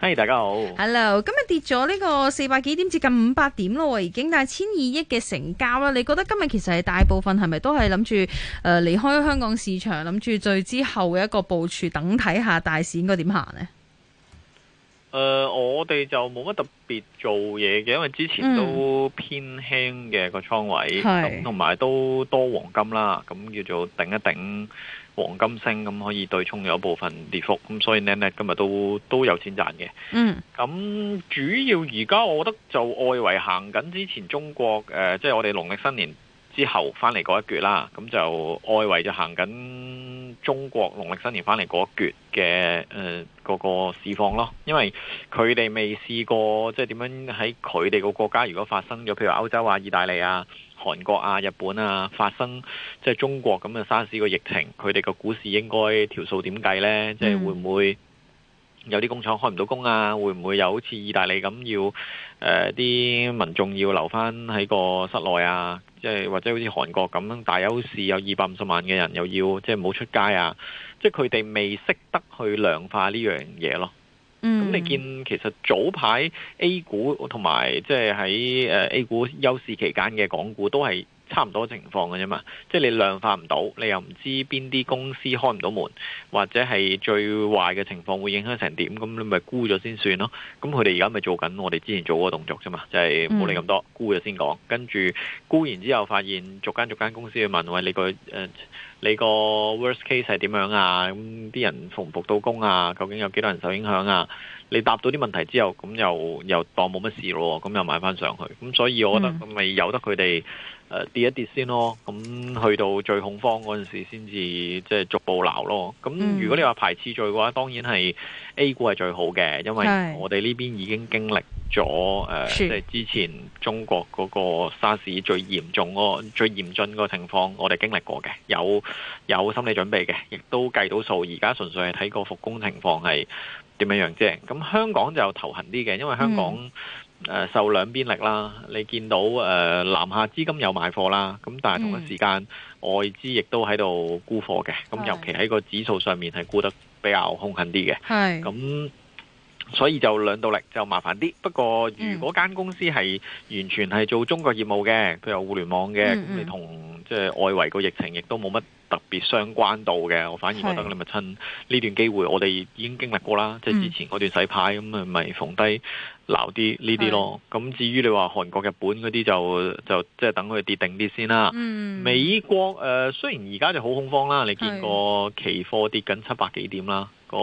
歡、hey, 大家好，Hello，今日跌咗呢個四百幾點至近五百點咯，已經，但係千二億嘅成交啦，你覺得今日其實係大部分係咪都係諗住誒離開香港市場，諗住最之後嘅一個部署等睇下大市應該點行呢。誒、呃，我哋就冇乜特別做嘢嘅，因為之前都偏輕嘅個倉位，同埋、嗯、都多黃金啦，咁叫做頂一頂黃金升，咁可以對沖有一部分跌幅，咁所以呢，咧今日都都有錢賺嘅。嗯，咁主要而家我覺得就外圍行緊之前中國誒，即、呃、係、就是、我哋農曆新年。之後返嚟嗰一橛啦，咁就外圍就行緊中國農曆新年返嚟嗰一橛嘅誒嗰個市況咯，因為佢哋未試過即係點樣喺佢哋個國家，如果發生咗譬如歐洲啊、意大利啊、韓國啊、日本啊發生即係中國咁嘅沙士個疫情，佢哋個股市應該條數點計呢？即係會唔會？有啲工廠開唔到工啊，會唔會有好似意大利咁要誒啲、呃、民眾要留返喺個室內啊？即係或者好似韓國咁樣大邱市，有二百五十萬嘅人又要即係唔好出街啊！即係佢哋未識得去量化呢樣嘢咯。咁、mm. 你見其實早排 A 股同埋即係喺 A 股休市期間嘅港股都係。差唔多情況嘅啫嘛，即係你量化唔到，你又唔知邊啲公司開唔到門，或者係最壞嘅情況會影響成點咁，你咪估咗先算咯。咁佢哋而家咪做緊我哋之前做嗰個動作啫嘛，就係冇理咁多，估咗先講，跟住估完之後發現逐間逐間公司去問喂，你個誒，你個 worst case 係點樣啊？咁啲人服唔服到工啊？究竟有幾多人受影響啊？你答到啲問題之後，咁又又當冇乜事咯，咁又買翻上去。咁所以，我覺得咁咪由得佢哋跌一跌先咯。咁去到最恐慌嗰陣時，先至即係逐步鬧咯。咁如果你話排次序嘅話，當然係 A 股係最好嘅，因為我哋呢邊已經經歷咗誒，即係是、呃即係、之前中國嗰個沙士最嚴重嗰個最嚴峻個情況我哋經歷過嘅，有有心理準備嘅，亦都計到數。而家純粹係睇個復工情況係。點樣樣啫？咁香港就頭痕啲嘅，因為香港誒受兩邊力啦。你見到誒南下資金有買貨啦，咁但係同一時間外資亦都喺度沽貨嘅。咁尤其喺個指數上面係沽得比較兇狠啲嘅。係咁。所以就兩道力就麻煩啲，不過如果間公司係完全係做中國業務嘅，都、嗯、有互聯網嘅，咁、嗯嗯、你同即係外圍個疫情亦都冇乜特別相關度嘅，我反而覺得你咪趁呢段機會，是 我哋已經經歷過啦，即係之前嗰段洗牌，咁咪咪逢低撈啲呢啲咯，咁是 至於你話韓國、日本嗰啲就就即係等佢跌定啲先啦。嗯、美國誒、呃，雖然而家就好恐慌啦，你見過期貨跌緊七百幾點啦。個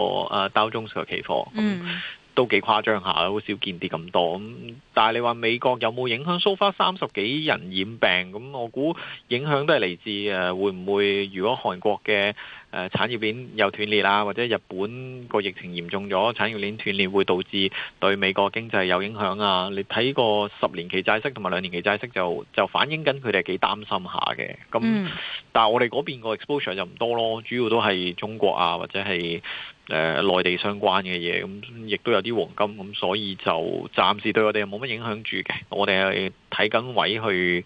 誒中上期貨，嗯嗯、都幾誇張下，好少見跌咁多。嗯、但係你話美國有冇影響？蘇花三十幾人染病，咁我估影響都係嚟自誒、啊，會唔會如果韓國嘅誒、啊、產業鏈又斷裂啊，或者日本個疫情嚴重咗，產業鏈斷裂會導致對美國經濟有影響啊？你睇個十年期債息同埋兩年期債息就就反映緊佢哋幾擔心下嘅。咁、嗯嗯、但係我哋嗰邊個 exposure 就唔多咯，主要都係中國啊或者係。誒、呃、內地相關嘅嘢，咁、嗯、亦都有啲黃金，咁、嗯、所以就暫時對我哋冇乜影響住嘅。我哋係睇緊位去，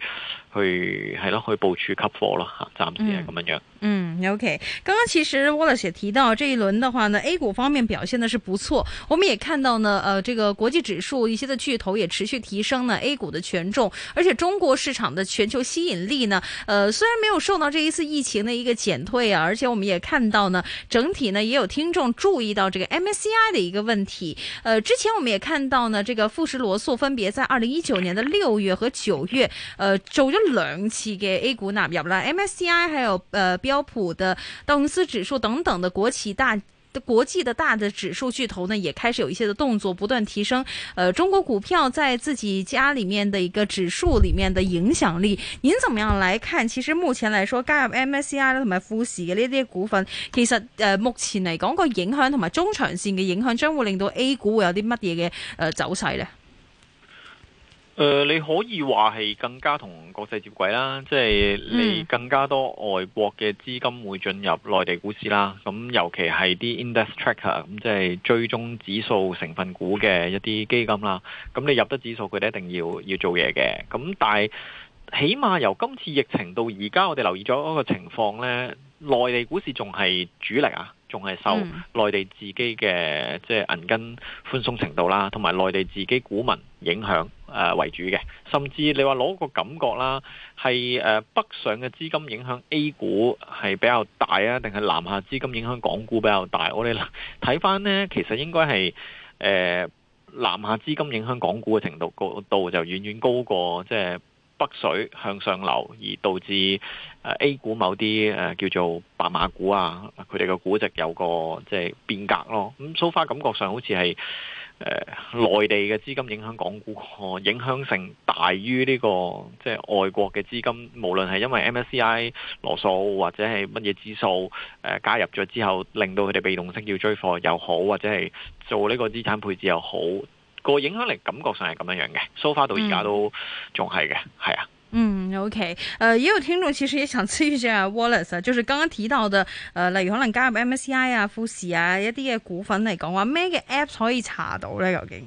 去係咯，去部署吸貨咯吓，暫時係咁樣樣。嗯，嗯，OK，剛剛其實 Wallace 也提到這一輪的話呢，A 股方面表現的是不錯，我們也看到呢，呃，這個國際指數一些的巨頭也持續提升呢 A 股的權重，而且中國市場的全球吸引力呢，呃，雖然沒有受到這一次疫情的一個減退啊，而且我們也看到呢，整體呢也有聽眾注意到這個 MSCI 的一個問題，呃，之前我們也看到呢，這個富時羅素分別在二零一九年的六月和九月，呃，九月。兩次嘅 A 股納入啦，MSCI 還有誒、呃、標普的道瓊斯指數等等的國企大國際的大的指數巨頭呢，也開始有一些的動作，不斷提升。誒、呃，中國股票在自己家裏面的一個指數裏面的影響力，您怎麼樣來看？其實目前嚟說加入 MSCI 同埋富時嘅呢啲股份，其實誒、呃、目前嚟講個影響同埋中長線嘅影響，將會令到 A 股會有啲乜嘢嘅誒走勢咧？誒、呃，你可以話係更加同國際接軌啦，即係你更加多外國嘅資金會進入內地股市啦。咁尤其係啲 index tracker，咁即係追蹤指數成分股嘅一啲基金啦。咁你入得指數，佢哋一定要要做嘢嘅。咁但係起碼由今次疫情到而家，我哋留意咗一個情況呢：內地股市仲係主力啊，仲係受內地自己嘅即係銀根寬鬆程度啦，同埋內地自己股民影響。誒、呃、為主嘅，甚至你話攞個感覺啦，係誒、呃、北上嘅資金影響 A 股係比較大啊，定係南下資金影響港股比較大？我哋睇翻呢，其實應該係誒南下資金影響港股嘅程度度就遠遠高過即係、就是、北水向上流，而導致誒、呃、A 股某啲誒、呃、叫做白馬股啊，佢哋嘅估值有個即係變革咯。咁、嗯、so far 感覺上好似係。誒，內地嘅資金影響港股，影響性大於呢個即係外國嘅資金。無論係因為 MSCI 羅素或者係乜嘢指數誒加入咗之後，令到佢哋被動性要追貨又好，或者係做呢個資產配置又好，個影響力感覺上係咁樣樣嘅。So far、嗯、到而家都仲係嘅，係啊。嗯，OK，誒，也、呃、有聽眾其實也想諮詢下 Wallace，、啊、就是剛剛提到的，誒、呃，例如可能加入 MSCI 啊、富時啊一啲嘅股份嚟講話，咩嘅 apps 可以查到咧？究竟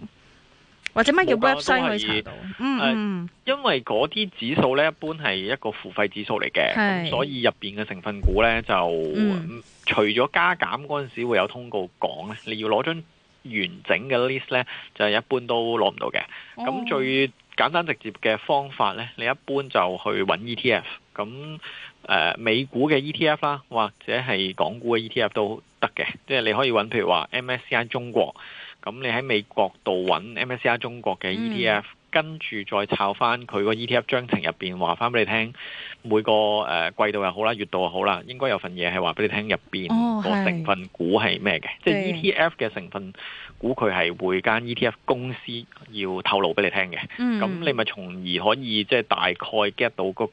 或者咩叫 website 可以查到？是嗯、呃，因為嗰啲指數咧，一般係一個付費指數嚟嘅，是所以入邊嘅成分股咧就、嗯、除咗加減嗰陣時候會有通告講咧，你要攞張完整嘅 list 咧，就一般都攞唔到嘅。咁、哦、最簡單直接嘅方法呢，你一般就去揾 ETF，咁、呃、美股嘅 ETF 啦，或者係港股嘅 ETF 都得嘅，即係你可以揾，譬如話 MSCI 中國，咁你喺美國度揾 MSCI 中國嘅 ETF，、嗯、跟住再抄翻佢個 ETF 章程入面，話翻俾你聽，每個季度又好啦，月度又好啦，應該有份嘢係話俾你聽入邊個成分股係咩嘅，即係 ETF 嘅成分。估佢係每間 ETF 公司要透露俾你聽嘅，咁、嗯、你咪從而可以即係大概 get 到嗰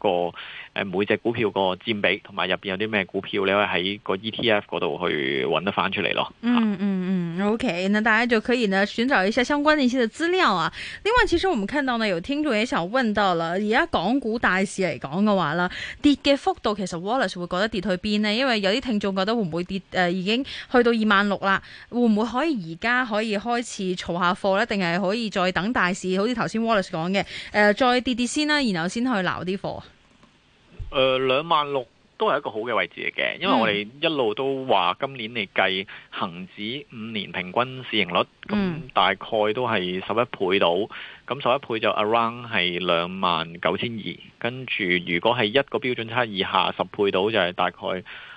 個每隻股票個佔比，同埋入邊有啲咩股票，你可以喺個 ETF 嗰度去揾得翻出嚟咯、嗯。嗯嗯嗯、啊、OK，那大家就可以呢，尋找一些相關啲嘅資料啊。另外，其實我們看到呢，有聽眾也想問到了，而家港股大市嚟講嘅話咧，跌嘅幅度其實 Wallace 會覺得跌去邊呢？因為有啲聽眾覺得會唔會跌誒、呃，已經去到二萬六啦，會唔會可以而家可？可以開始炒下貨咧，定係可以再等大市？好似頭先 Wallace 講嘅、呃，再跌跌先啦，然後先去撈啲貨。誒、呃，兩萬六都係一個好嘅位置嚟嘅，因為我哋一路都話今年嚟計恒指五年平均市盈率，咁、嗯、大概都係十一倍到，咁十一倍就 around 係兩萬九千二，跟住如果係一個標準差以下十倍到，就係大概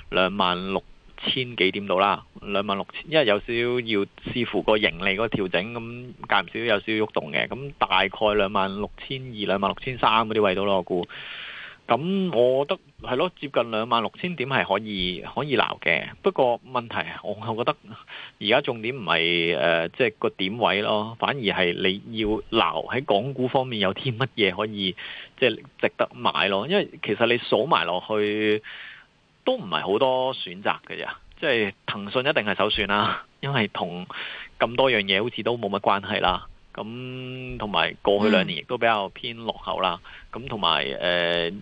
兩萬六。千幾點度啦？兩萬六千，因為有少少要視乎個盈利嗰個調整，咁間唔少有少喐動嘅。咁大概兩萬六千二、兩萬六千三嗰啲位度咯，我估。咁我覺得係咯，接近兩萬六千點係可以可以撈嘅。不過問題，我覺得而家重點唔係誒，即係個點位咯，反而係你要撈喺港股方面有啲乜嘢可以即係、就是、值得買咯。因為其實你數埋落去。都唔係好多選擇嘅啫，即係騰訊一定係首選啦，因為同咁多樣嘢好似都冇乜關係啦。咁同埋過去兩年亦都比較偏落後啦。咁同埋誒，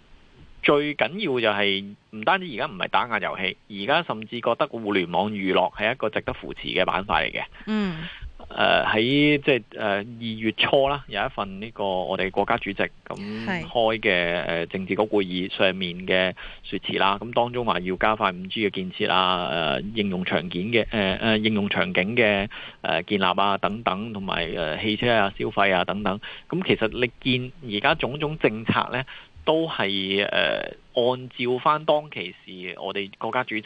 最緊要就係唔單止而家唔係打壓遊戲，而家甚至覺得互聯網娛樂係一個值得扶持嘅板塊嚟嘅。嗯。誒喺即係誒二月初啦，有一份呢個我哋國家主席咁開嘅政治局會議上面嘅說辭啦，咁當中話要加快五 G 嘅建設啊，誒應用場景嘅誒誒應用場景嘅誒建立啊等等，同埋誒汽車啊消費啊等等。咁其實你見而家種種政策咧，都係誒按照翻當其時我哋國家主席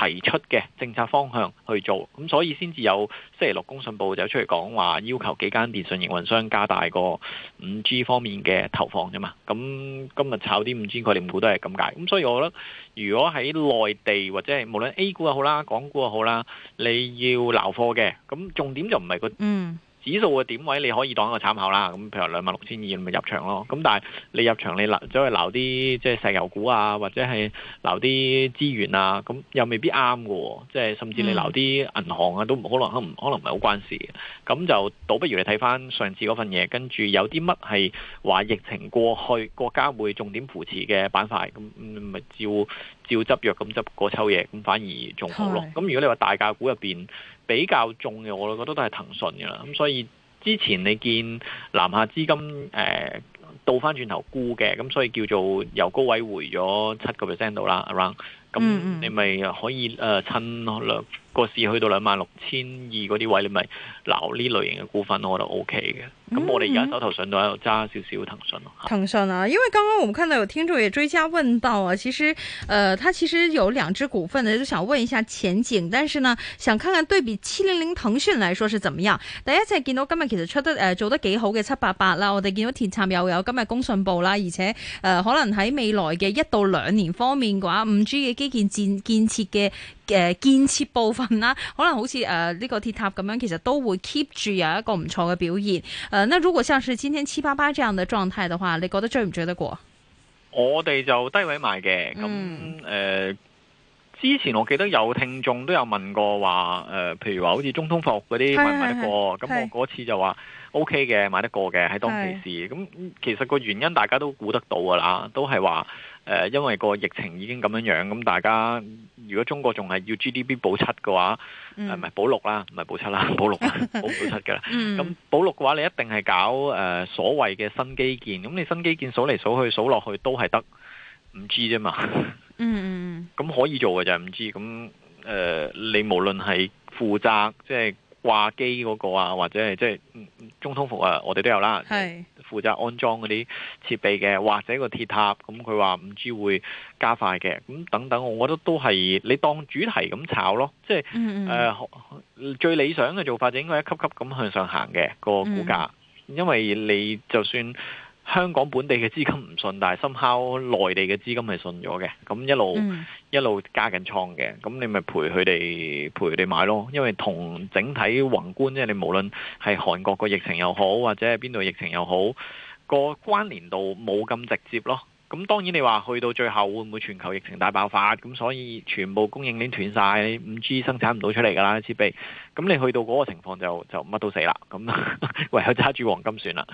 提出嘅政策方向去做，咁所以先至有星期六工信部就出嚟講話，要求幾間電信營運商加大個五 G 方面嘅投放啫嘛。咁今日炒啲五 G 概念股都係咁解。咁所以我覺得，如果喺內地或者係無論 A 股又好啦，港股又好啦，你要撈貨嘅，咁重點就唔係，個嗯。指數嘅點位你可以當一個參考啦，咁譬如兩萬六千二咪入場咯。咁但係你入場你撈走去撈啲即係石油股啊，或者係撈啲資源啊，咁又未必啱嘅。即係甚至你撈啲銀行啊，都唔可能，可能唔係好關事。咁就倒不如你睇翻上次嗰份嘢，跟住有啲乜係話疫情過去，國家會重點扶持嘅板塊，咁咪照照執藥咁執過抽嘢，咁反而仲好咯。咁如果你話大價股入面。比較重嘅我覺得都係騰訊嘅啦，咁所以之前你見南下資金誒、呃、倒翻轉頭沽嘅，咁所以叫做由高位回咗七個 percent 度啦，around，咁你咪可以誒、呃、趁咯。呃個市去到兩萬六千二嗰啲位置，你咪撈呢類型嘅股份，我覺得 O K 嘅。咁、嗯嗯、我哋而家手頭上都喺度揸少少騰訊咯。騰訊啊，因為剛剛我哋看到有聽眾也追加問到啊，其實，呃，他其實有兩支股份咧，就想問一下前景，但是呢，想看看對比七零零騰訊嚟説係怎點樣。第一隻見到今日其實出得誒、呃、做得幾好嘅七八八啦，我哋見到鐵塔又有今日工信部啦，而且，呃，可能喺未來嘅一到兩年方面嘅話，五 G 嘅基建建建設嘅。誒、呃，建設部分啦，可能好似誒呢個鐵塔咁樣，其實都會 keep 住有一個唔錯嘅表現。誒、呃，那如果像是今天黐巴巴這樣嘅狀態嘅話，你覺得追唔追得過？我哋就低位買嘅，咁誒、嗯呃，之前我記得有聽眾都有問過話，誒、呃，譬如話好似中通服嗰啲買唔買得過？咁我嗰次就話 OK 嘅，買得過嘅，喺當其時。咁是其實個原因大家都估得到㗎啦，都係話。誒、呃，因為個疫情已經咁樣樣，咁大家如果中國仲係要 GDP 補七嘅話，係咪、嗯呃、補六啦？唔係補七啦，補六， 補七嘅。咁、嗯、補六嘅話，你一定係搞誒、呃、所謂嘅新基建。咁你新基建數嚟數去數落去都係得五 G 啫嘛。 嗯咁、嗯、可以做嘅就係五 G。咁誒、呃，你無論係負責即係。就是話機嗰個啊，或者係即係中通服啊，我哋都有啦。係是負責安裝嗰啲設備嘅，或者個鐵塔，咁佢話 5G 會加快嘅，咁等等，我我覺得都係你當主題咁炒咯，即係誒、嗯嗯呃，最理想嘅做法就應該一級級咁向上行嘅，嗰個股價，嗯、因為你就算，香港本地嘅資金唔信，但係深考內地嘅資金係信咗嘅，咁一路、嗯、一路加緊倉嘅，咁你咪陪佢哋，陪佢哋買咯，因為同整體宏觀即係你無論係韓國個疫情又好，或者係邊度疫情又好，個關聯度冇咁直接咯。咁當然你話去到最後會唔會全球疫情大爆發？咁所以全部供應鏈斷晒，你五 G 生產唔到出嚟㗎啦，設備。咁你去到嗰個情況就就乜都死啦，咁唯有揸住黃金算啦。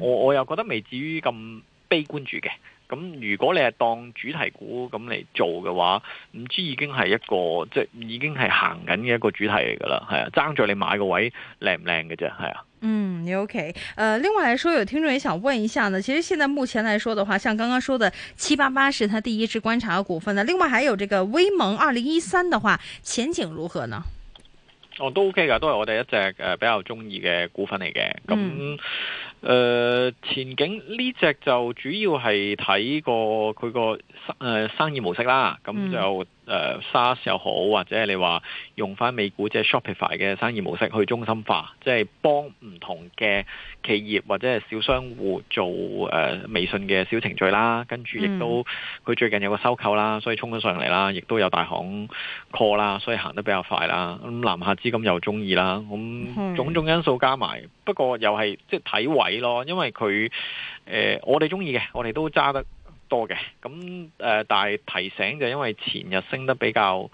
我我又覺得未至於咁悲觀住嘅。咁如果你係當主題股咁嚟做嘅話，唔知已經係一個即係已經係行緊嘅一個主題嚟噶啦，係啊，爭咗你買個位靚唔靚嘅啫，係啊。嗯，OK，誒、呃，另外嚟說，有聽眾也想問一下呢，其實現在目前嚟說的話，像剛剛說的七八八，是佢第一隻觀察嘅股份啦，另外還有這個微盟二零一三的話，前景如何呢？哦，都 OK 噶，都係我哋一隻誒比較中意嘅股份嚟嘅，咁、嗯。嗯誒、呃，前景呢隻就主要係睇個佢個生誒、呃、生意模式啦，咁就。嗯誒 SaaS 又好，或者你話用翻美股即係 Shopify 嘅生意模式去中心化，即係幫唔同嘅企業或者係小商戶做誒、呃、微信嘅小程序啦，跟住亦都佢、嗯、最近有個收購啦，所以衝咗上嚟啦，亦都有大行 call 啦，所以行得比較快啦。咁、嗯、南下資金又中意啦，咁、嗯嗯、種種因素加埋，不過又係即係睇位咯，因為佢誒我哋中意嘅，我哋都揸得。多嘅，咁誒、呃，但係提醒就因為前日升得比較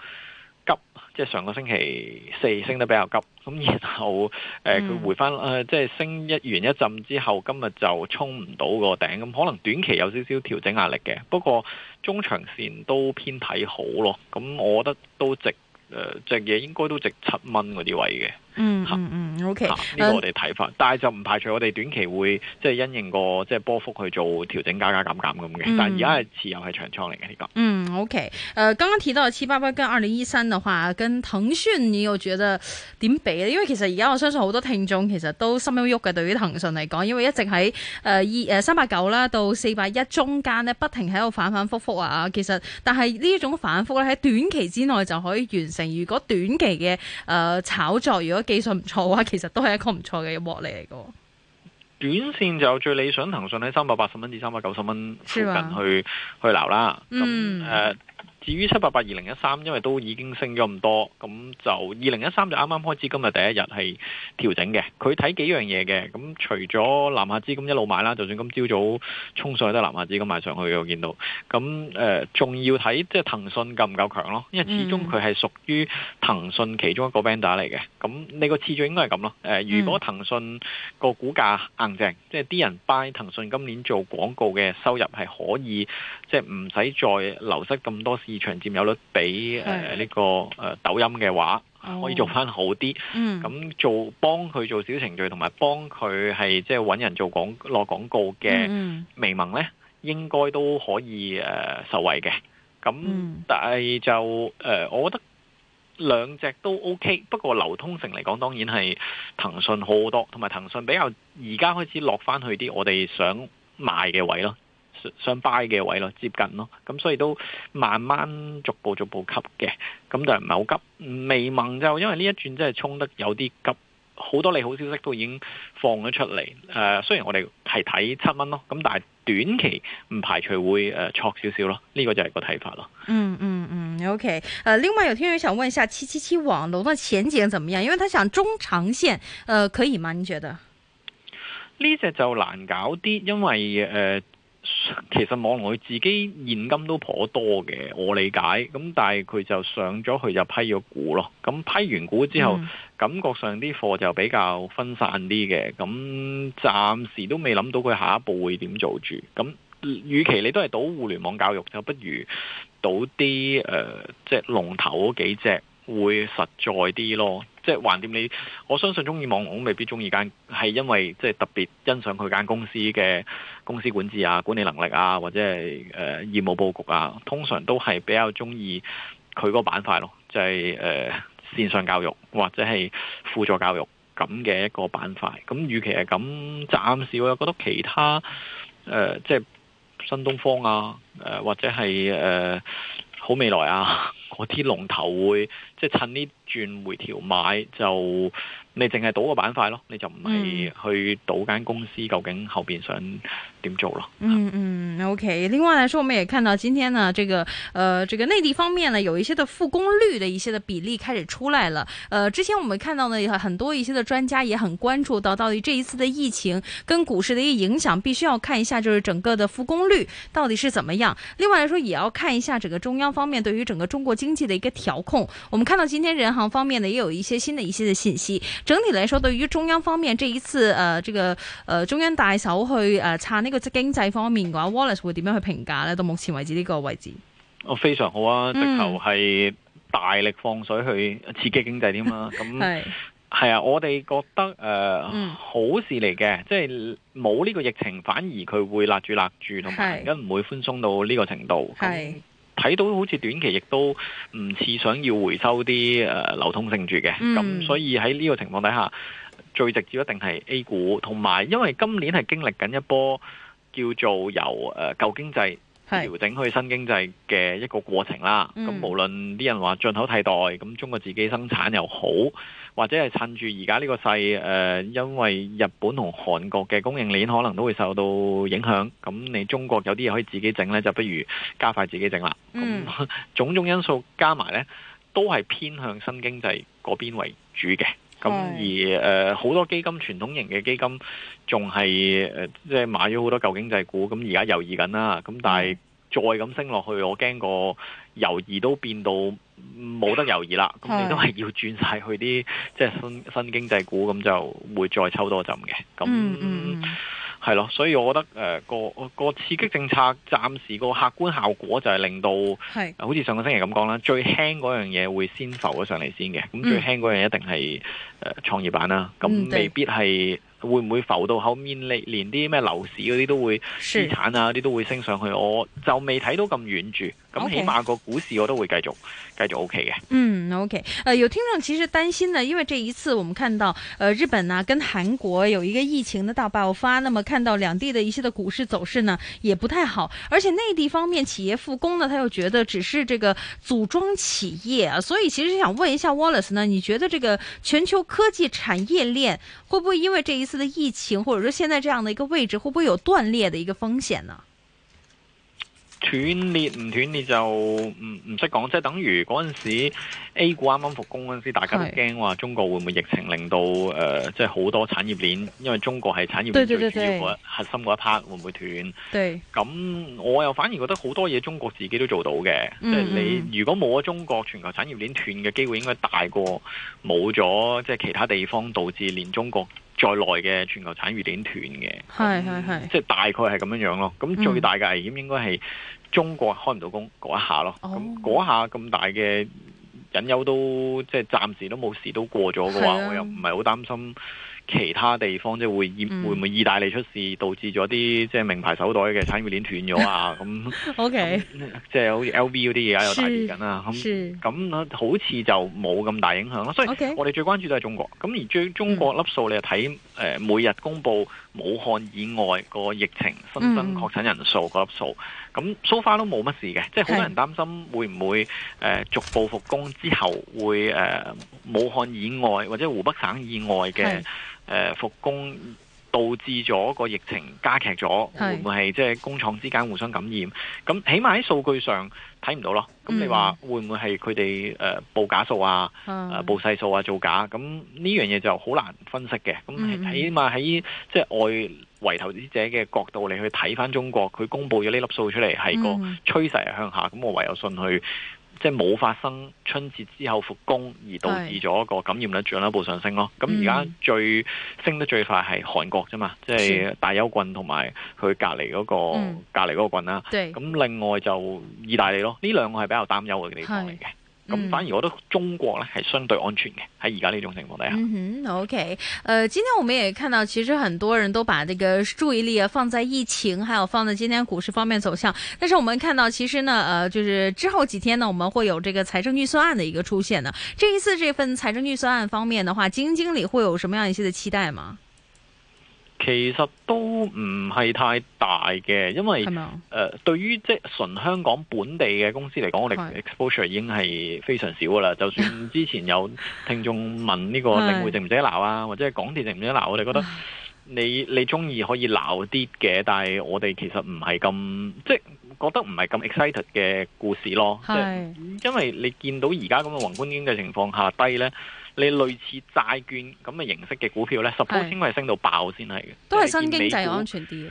急，即、就、係、是、上個星期四升得比較急，咁然後誒佢、呃嗯、回翻，即、呃、係、就是、升一完一陣之後，今日就衝唔到個頂，咁可能短期有少少調整壓力嘅，不過中長線都偏睇好咯，咁我覺得都值誒隻嘢應該都值七蚊嗰啲位嘅。嗯嗯 OK 呢個我哋睇法。嗯、但係就唔排除我哋短期會即係因應個即係波幅去做調整加加減減咁嘅。嗯、但係而家係持有係長倉嚟嘅呢個嗯。嗯，OK，誒、呃，剛剛提到七八八跟二零一三嘅話，跟騰訊你又覺得點比呢？因為其實而家我相信好多聽眾其實都心喐喐嘅，對於騰訊嚟講，因為一直喺誒二誒三百九啦到四百一中間咧不停喺度反反复复啊。其實但係呢種反覆咧喺短期之內就可以完成。如果短期嘅誒、呃、炒作，如果技術唔錯嘅話，其實都係一個唔錯嘅獲利嚟嚟嘅。短線就最理想，騰訊喺三百八十蚊至三百九十蚊附近去嗎去撈啦。咁誒、嗯。至於七八八二零一三，因為都已經升咗咁多，咁就二零一三就啱啱開始今日第一日係調整嘅。佢睇幾樣嘢嘅，咁除咗南下資金一路買啦，就算今朝早衝上都係南下資金買上去嘅，我見到。咁誒仲要睇即係騰訊夠唔夠強咯，因為始終佢係屬於騰訊其中一個 bander 嚟嘅。咁你個次序應該係咁咯。誒，如果騰訊個股價硬淨，即係啲人 buy 騰訊今年做廣告嘅收入係可以，即係唔使再流失咁多市。市場佔有率比誒呢、呃這個誒、呃、抖音嘅話、oh. 可以做翻好啲，咁、mm. 做幫佢做小程序，同埋幫佢係即係揾人做廣落廣告嘅微盟呢，應該都可以誒、呃、受惠嘅。咁但係就誒、呃，我覺得兩隻都 OK，不過流通性嚟講，當然係騰訊好多，同埋騰訊比較而家開始落翻去啲我哋想賣嘅位咯。想 buy 嘅位咯，接近咯，咁、嗯、所以都慢慢逐步逐步吸嘅，咁但係唔係好急。未盟就因為呢一轉真係衝得有啲急，好多利好消息都已經放咗出嚟。誒、呃，雖然我哋係睇七蚊咯，咁但係短期唔排除會誒 chock 少少咯。呢、這個就係個睇法咯。嗯嗯嗯，OK。誒，另外有聽友想問一下七七七網絡嘅前景怎麼樣？因為他想中長線，誒、呃，可以嗎？你覺得？呢隻就難搞啲，因為誒。呃其實網龍佢自己現金都頗多嘅，我理解。咁但係佢就上咗去就批咗股咯。咁批完股之後，嗯、感覺上啲貨就比較分散啲嘅。咁暫時都未諗到佢下一步會點做住。咁，與其你都係賭互聯網教育，就不如賭啲誒，即係龍頭嗰幾隻。會實在啲咯，即係橫掂你，我相信中意網紅，我未必中意間係因為即係特別欣賞佢間公司嘅公司管治啊、管理能力啊，或者係誒業務布局啊，通常都係比較中意佢個板塊咯，就係、是、誒、呃、線上教育或者係輔助教育咁嘅一個板塊。咁與其係咁，暫時我又覺得其他誒、呃，即係新東方啊，誒、呃、或者係誒。呃好未來啊！嗰啲龍頭會即係趁呢轉回調買，就你淨係賭個板塊咯，你就唔係去賭間公司究竟後邊想。點做了。嗯嗯，OK。另外來說，我們也看到今天呢，這個呃，這個內地方面呢，有一些的復工率的一些的比例開始出來了。呃，之前我們看到呢，很多一些的專家也很關注到，到底這一次的疫情跟股市的一個影響，必須要看一下就是整個的復工率到底是怎麼樣。另外來說，也要看一下整個中央方面對於整個中國經濟的一個調控。我們看到今天人行方面呢，也有一些新的一些的信息。整體來說，對於中央方面這一次呃，這個呃，中央大手去呃，查那個。即經濟方面嘅話，Wallace 會點樣去評價呢？到目前為止呢個位置，我非常好啊！直頭係大力放水去刺激經濟添啦。咁係啊，我哋覺得誒、呃、好事嚟嘅，即係冇呢個疫情，反而佢會勒住勒住，同埋而家唔會寬鬆到呢個程度。係睇 到好似短期亦都唔似想要回收啲誒流通性住嘅，咁 所以喺呢個情況底下，最直接一定係 A 股，同埋因為今年係經歷緊一波。叫做由誒、呃、舊經濟調整去新經濟嘅一個過程啦。咁是無論啲人話進口替代,代，咁中國自己生產又好，或者係趁住而家呢個勢誒、呃，因為日本同韓國嘅供應鏈可能都會受到影響，咁你中國有啲嘢可以自己整咧，就不如加快自己整啦。咁、嗯、種種因素加埋咧，都係偏向新經濟嗰邊為主嘅。咁、嗯、而誒好、呃、多基金傳統型嘅基金仲係、呃、即係買咗好多舊經濟股，咁而家猶豫緊啦。咁但係再咁升落去，我驚個猶豫都變到冇得猶豫啦。咁、嗯、你都係要轉晒去啲即係新新經濟股，咁就會再抽多陣嘅。咁、嗯。嗯係咯，所以我覺得誒、呃那個、那個刺激政策暫時個客觀效果就係令到係是、呃，好似上個星期咁講啦，最輕嗰樣嘢會先浮咗上嚟先嘅，咁最輕嗰樣一定係誒創業板啦、啊，咁未必係。嗯會唔會浮到後面？連連啲咩樓市嗰啲都會資產啊，啲都會升上去。我就未睇到咁遠住，咁起碼個股市我都會繼續繼續 OK 嘅。Okay. 嗯，OK、呃。有聽眾其實擔心呢，因為這一次我們看到、呃、日本呢、啊、跟韓國有一個疫情的大爆發，那麼看到兩地的一些的股市走勢呢也不太好，而且內地方面企業復工呢，他又覺得只是這個組裝企業、啊，所以其實想問一下 Wallace 呢，你覺得這個全球科技產業鏈會不會因為這一次疫情，或者說現在這樣的一個位置，會不會有斷裂的一個風險呢？斷裂唔斷裂就唔唔識講，即係等於嗰陣時 A 股啱啱復工嗰陣時，大家都驚話中國會唔會疫情令到誒是、呃，即係好多產業鏈，因為中國係產業鏈最主要嘅對對對對核心嗰一 part，會唔會斷？對，咁我又反而覺得好多嘢，中國自己都做到嘅，嗯嗯即係你如果冇咗中國全球產業鏈斷嘅機會，應該大過冇咗即係其他地方導致連中國，在內嘅全球產業鏈斷嘅，係係係，即係大概係咁樣樣咯。咁最大嘅危險應該係中國開唔到工嗰一下咯。咁嗰、哦、下咁大嘅隱憂都，即係暫時都冇事都過咗嘅話，我又唔係好擔心。其他地方即係會意會唔會意大利出事，導致咗啲即係名牌手袋嘅產業鏈斷咗啊？咁 OK，即係好似 LV 嗰啲嘢又大跌緊啊。咁好似就冇咁大影響咯。所以 Okay. 我哋最關注都係中國。咁而最中國粒數，你又睇誒每日公布武漢以外個疫情新增確診人數嗰粒數。咁、嗯 so far 都冇乜事嘅，即係好多人擔心會唔會誒、呃、逐步復工之後會誒、呃、武漢以外或者湖北省以外嘅誒復工。導致咗個疫情加劇咗，會唔會係即係工廠之間互相感染？咁是起碼喺數據上睇唔到咯。咁、嗯、你話會唔會係佢哋誒報假數啊？誒、嗯呃、報細數啊？造假？咁呢樣嘢就好難分析嘅。咁起碼喺、嗯、即係外圍投資者嘅角度，你去睇翻中國，佢公布咗呢粒數出嚟，係個趨勢向下。咁、嗯、我唯有信佢。即係冇發生春節之後復工，而導致咗一個感染率進一步上升咯。咁而家最、嗯、升得最快係韓國啫嘛，即係大邱郡同埋佢隔離嗰、嗰個、嗯、隔離嗰個郡啦。咁對另外就意大利咯，呢兩個係比較擔憂嘅地方嚟嘅。咁、嗯、反而我覺得中國呢係相對安全嘅，喺而家呢種情況底下。嗯哼、OK，呃，今天我們也看到，其實很多人都把這個注意力、啊、放在疫情，還有放在今天股市方面走向。但是我們看到，其實呢，呃，就是之後幾天呢，我們會有這個財政預算案的一個出現呢。這一次這份財政預算案方面的話，基金經理會有什麼樣一些的期待嗎？其實都唔係太大嘅，因為誒嗎、呃、對於即係純香港本地嘅公司嚟講，我哋 exposure 是已經係非常少噶啦。就算之前有聽眾問呢、這個領匯 值唔值得鬧啊，或者係港鐵值唔值得鬧，是我哋覺得你你中意可以鬧啲嘅，但係我哋其實唔係咁即係覺得唔係咁 excited 嘅故事咯。是因為你見到而家咁嘅宏觀經濟情況下低呢。你類似債券咁嘅形式嘅股票呢，應該係升到爆先係嘅，都係新經濟安全啲。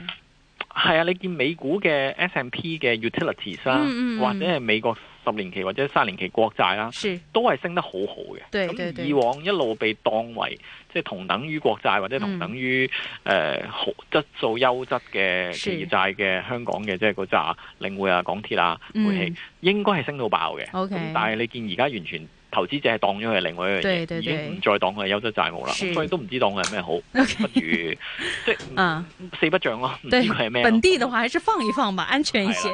係啊，你見美股嘅 S&P 嘅 Utilities 啦、啊，嗯嗯、或者係美國十年期或者三十年期國債啦、啊，是都係升得好好嘅。咁以往一路被當為即係、就是、同等於國債或者同等於誒好、嗯呃、質素優質嘅企業債嘅是香港嘅即係嗰揸，領匯、就、如、是、啊，港鐵啊，煤氣、嗯、應該係升到爆嘅。Okay 但係你見而家完全。投資者係當咗佢係另外一樣嘢，對對對，已經唔再當佢係優質債務啦，是所以都唔知當佢係咩好，okay，不如即係四不像咯。唔知佢係咩。本地嘅話，還是放一放吧， 安全一些。